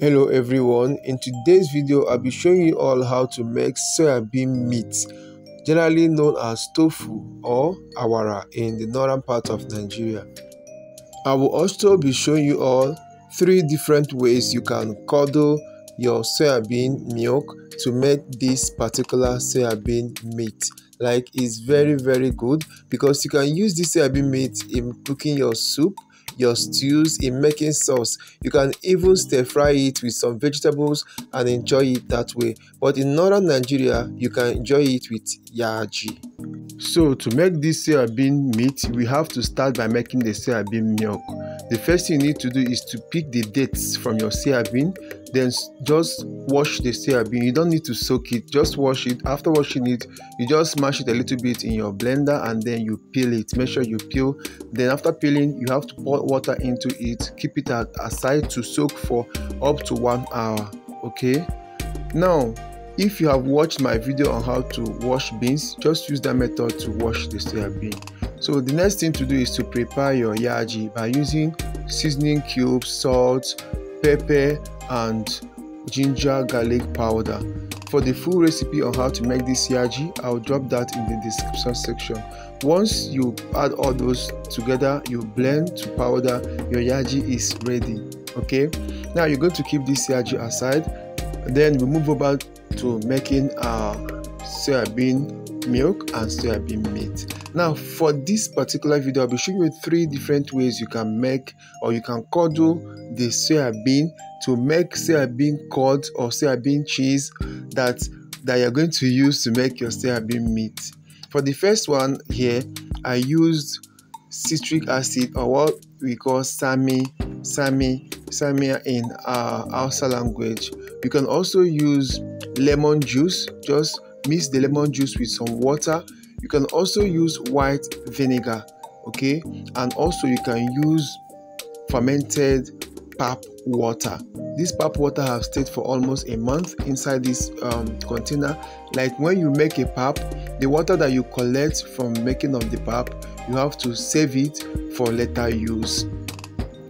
hello everyone in today's video i'll be showing you all how to make soybean meat generally known as tofu or awara in the northern part of nigeria i will also be showing you all three different ways you can curdle your soybean milk to make this particular soybean meat like it's very very good because you can use this soybean meat in cooking your soup your stews in making sauce. You can even stir fry it with some vegetables and enjoy it that way. But in northern Nigeria, you can enjoy it with yaji. So to make this soybean meat, we have to start by making the soybean milk. The first thing you need to do is to pick the dates from your soybean then just wash the bean. you don't need to soak it just wash it after washing it you just smash it a little bit in your blender and then you peel it make sure you peel then after peeling you have to pour water into it keep it aside to soak for up to one hour okay now if you have watched my video on how to wash beans just use that method to wash the bean. so the next thing to do is to prepare your yaji by using seasoning cubes salt pepper and ginger garlic powder. For the full recipe on how to make this yaji, I'll drop that in the description section. Once you add all those together, you blend to powder, your yaji is ready. Okay, now you're going to keep this yaji aside. Then we move over to making our uh, soybean milk and soybean meat. Now for this particular video, I'll be showing you three different ways you can make or you can cuddle the soybean to make say I or say cheese that that you're going to use to make your say meat. For the first one here, I used citric acid or what we call sami sami samia in our uh, Hausa language. You can also use lemon juice, just mix the lemon juice with some water. You can also use white vinegar, okay? And also you can use fermented pap water. This pap water have stayed for almost a month inside this um, container. Like when you make a pap, the water that you collect from making of the pap, you have to save it for later use.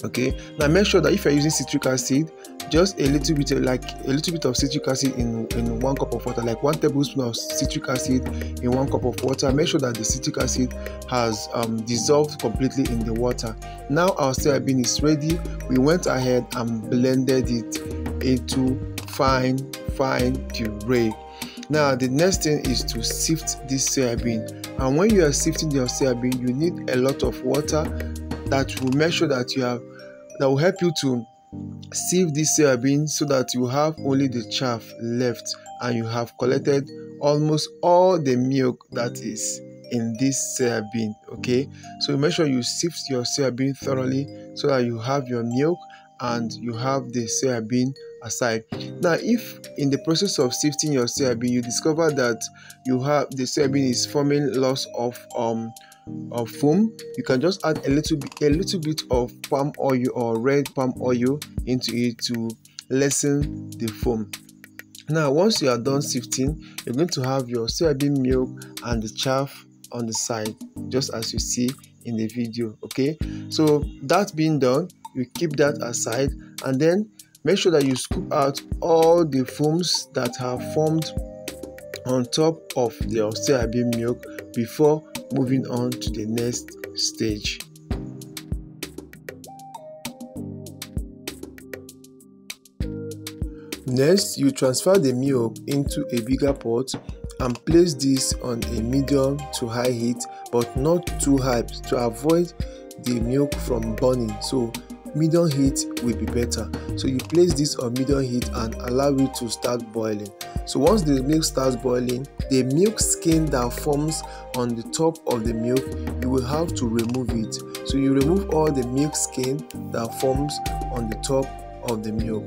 Okay, now make sure that if you're using citric acid, just a little bit like a little bit of citric acid in in one cup of water like one tablespoon of citric acid in one cup of water make sure that the citric acid has um, dissolved completely in the water now our soybean is ready we went ahead and blended it into fine fine puree now the next thing is to sift this soybean and when you are sifting your soybean you need a lot of water that will make sure that you have that will help you to sieve this soybean so that you have only the chaff left and you have collected almost all the milk that is in this soybean okay so make sure you sieve your soybean thoroughly so that you have your milk and you have the soybean aside now if in the process of sifting your soybean you discover that you have the soybean is forming lots of um of foam you can just add a little bit a little bit of palm oil or red palm oil into it to lessen the foam now once you are done sifting you're going to have your soybean milk and the chaff on the side just as you see in the video okay so that being done you keep that aside and then make sure that you scoop out all the foams that have formed on top of the soybean milk before moving on to the next stage. Next, you transfer the milk into a bigger pot and place this on a medium to high heat but not too high to avoid the milk from burning. So medium heat will be better so you place this on medium heat and allow it to start boiling so once the milk starts boiling the milk skin that forms on the top of the milk you will have to remove it so you remove all the milk skin that forms on the top of the milk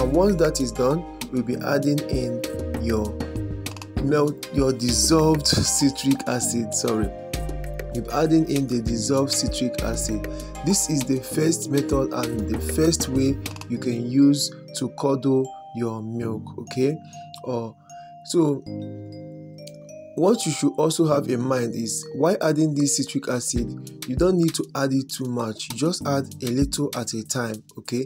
and once that is done we'll be adding in your melt your dissolved citric acid sorry with adding in the dissolved citric acid. This is the first method and the first way you can use to curdle your milk, okay? Or uh, so what you should also have in mind is why adding this citric acid you don't need to add it too much just add a little at a time okay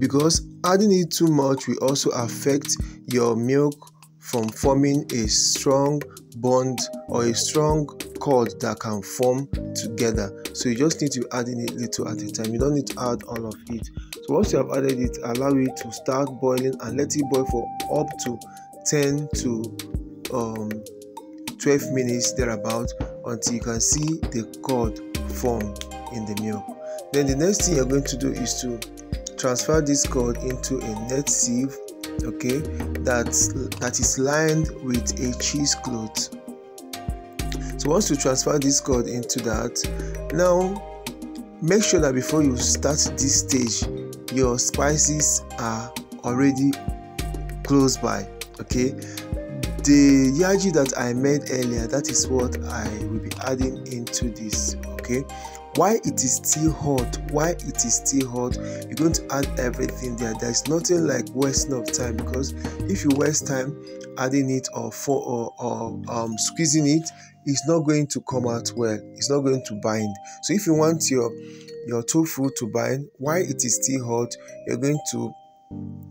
because adding it too much will also affect your milk from forming a strong bond or a strong cord that can form together. So you just need to add in it little at a time. You don't need to add all of it. So once you have added it, allow it to start boiling and let it boil for up to 10 to um, 12 minutes thereabout until you can see the cord form in the milk. Then the next thing you're going to do is to transfer this cord into a net sieve okay that that is lined with a cheesecloth so once you transfer this cord into that now make sure that before you start this stage your spices are already close by okay the yaji that i made earlier that is what i will be adding into this okay why it is still hot, Why it is still hot, you're going to add everything there. There's nothing like wasting of time because if you waste time adding it or for or, or um, squeezing it, it's not going to come out well. It's not going to bind. So if you want your your tofu to bind why it is still hot, you're going to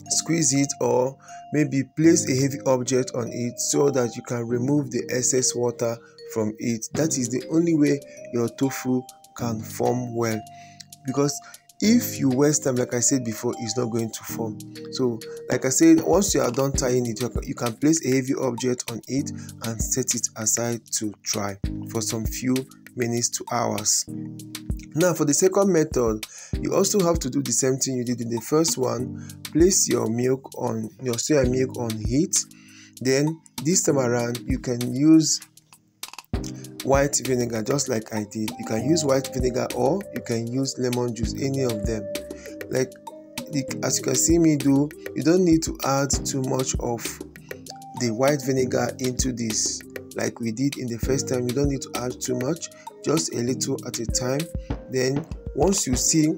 squeeze it or maybe place a heavy object on it so that you can remove the excess water from it that is the only way your tofu can form well because if you waste time like i said before it's not going to form so like i said once you are done tying it you can place a heavy object on it and set it aside to dry for some few minutes to hours now for the second method you also have to do the same thing you did in the first one place your milk on your soya milk on heat then this time around you can use white vinegar just like I did. You can use white vinegar or you can use lemon juice, any of them. Like as you can see me do, you don't need to add too much of the white vinegar into this like we did in the first time. You don't need to add too much, just a little at a time. Then once you see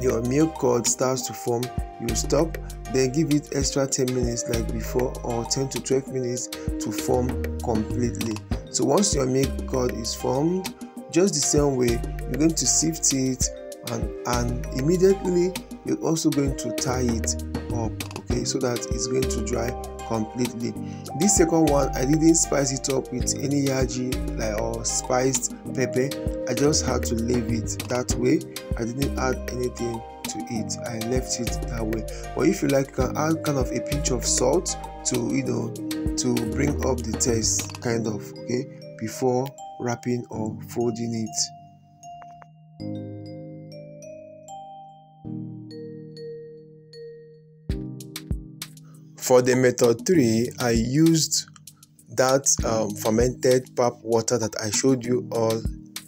your milk curd starts to form, you stop then give it extra 10 minutes like before or 10 to 12 minutes to form completely So once your milk curd is formed, just the same way, you're going to sift it and, and immediately you're also going to tie it up, okay, so that it's going to dry completely. This second one, I didn't spice it up with any yaji like or spiced pepper. I just had to leave it that way. I didn't add anything to i left it that way but if you like you can add kind of a pinch of salt to you know to bring up the taste kind of okay before wrapping or folding it For the method 3, I used that um, fermented pap water that I showed you all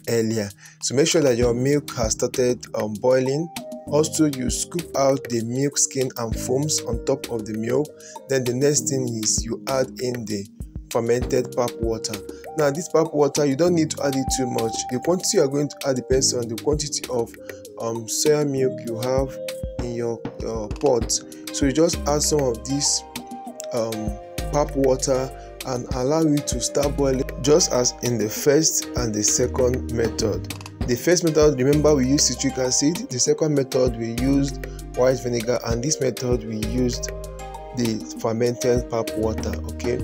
earlier. So make sure that your milk has started um, boiling also you scoop out the milk skin and foams on top of the milk then the next thing is you add in the fermented pap water now this pap water you don't need to add it too much the quantity you are going to add depends on the quantity of um, soya milk you have in your uh, pot so you just add some of this um, pap water and allow it to start boiling just as in the first and the second method The first method, remember we used citric acid. The second method, we used white vinegar. And this method, we used the fermented pap water, okay?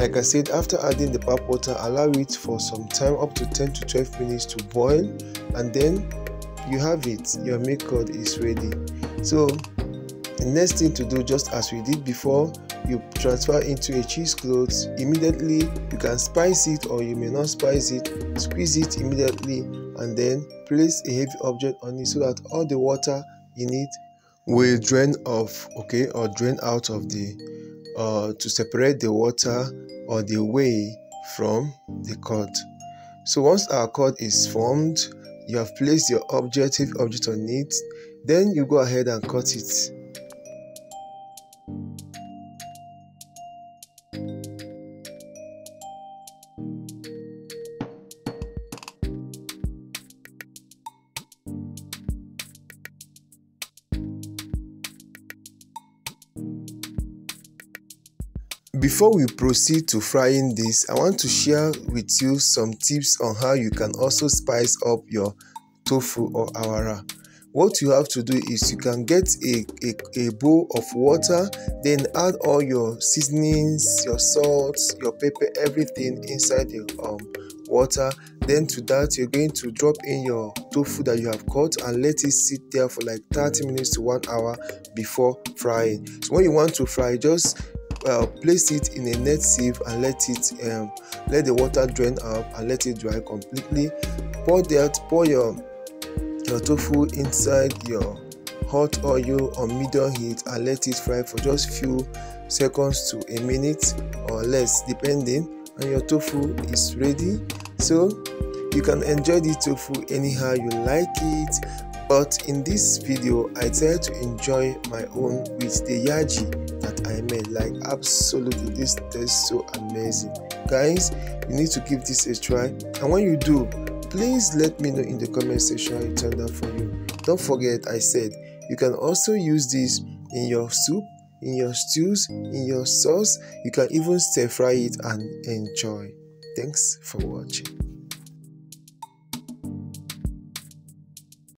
Like I said, after adding the pap water, allow it for some time, up to 10 to 12 minutes to boil. And then you have it, your milk curd is ready. So the next thing to do, just as we did before, you transfer into a cheesecloth immediately you can spice it or you may not spice it squeeze it immediately and then place a heavy object on it so that all the water in it will drain off okay or drain out of the uh, to separate the water or the whey from the cord so once our cord is formed you have placed your object heavy object on it then you go ahead and cut it Before we proceed to frying this, I want to share with you some tips on how you can also spice up your tofu or awara. What you have to do is you can get a, a, a bowl of water, then add all your seasonings, your salt, your pepper, everything inside the um, water. Then to that, you're going to drop in your tofu that you have cut and let it sit there for like 30 minutes to one hour before frying. So when you want to fry, just uh, place it in a net sieve and let it um, let the water drain up and let it dry completely pour that pour your your tofu inside your hot oil on medium heat and let it fry for just few seconds to a minute or less depending and your tofu is ready so you can enjoy the tofu anyhow you like it but in this video, I try to enjoy my own with the yaji that I made. Like absolutely, this tastes so amazing. Guys, you need to give this a try. And when you do, please let me know in the comment section how it turned out for you. Don't forget, I said, you can also use this in your soup, in your stews, in your sauce. You can even stir fry it and enjoy. Thanks for watching.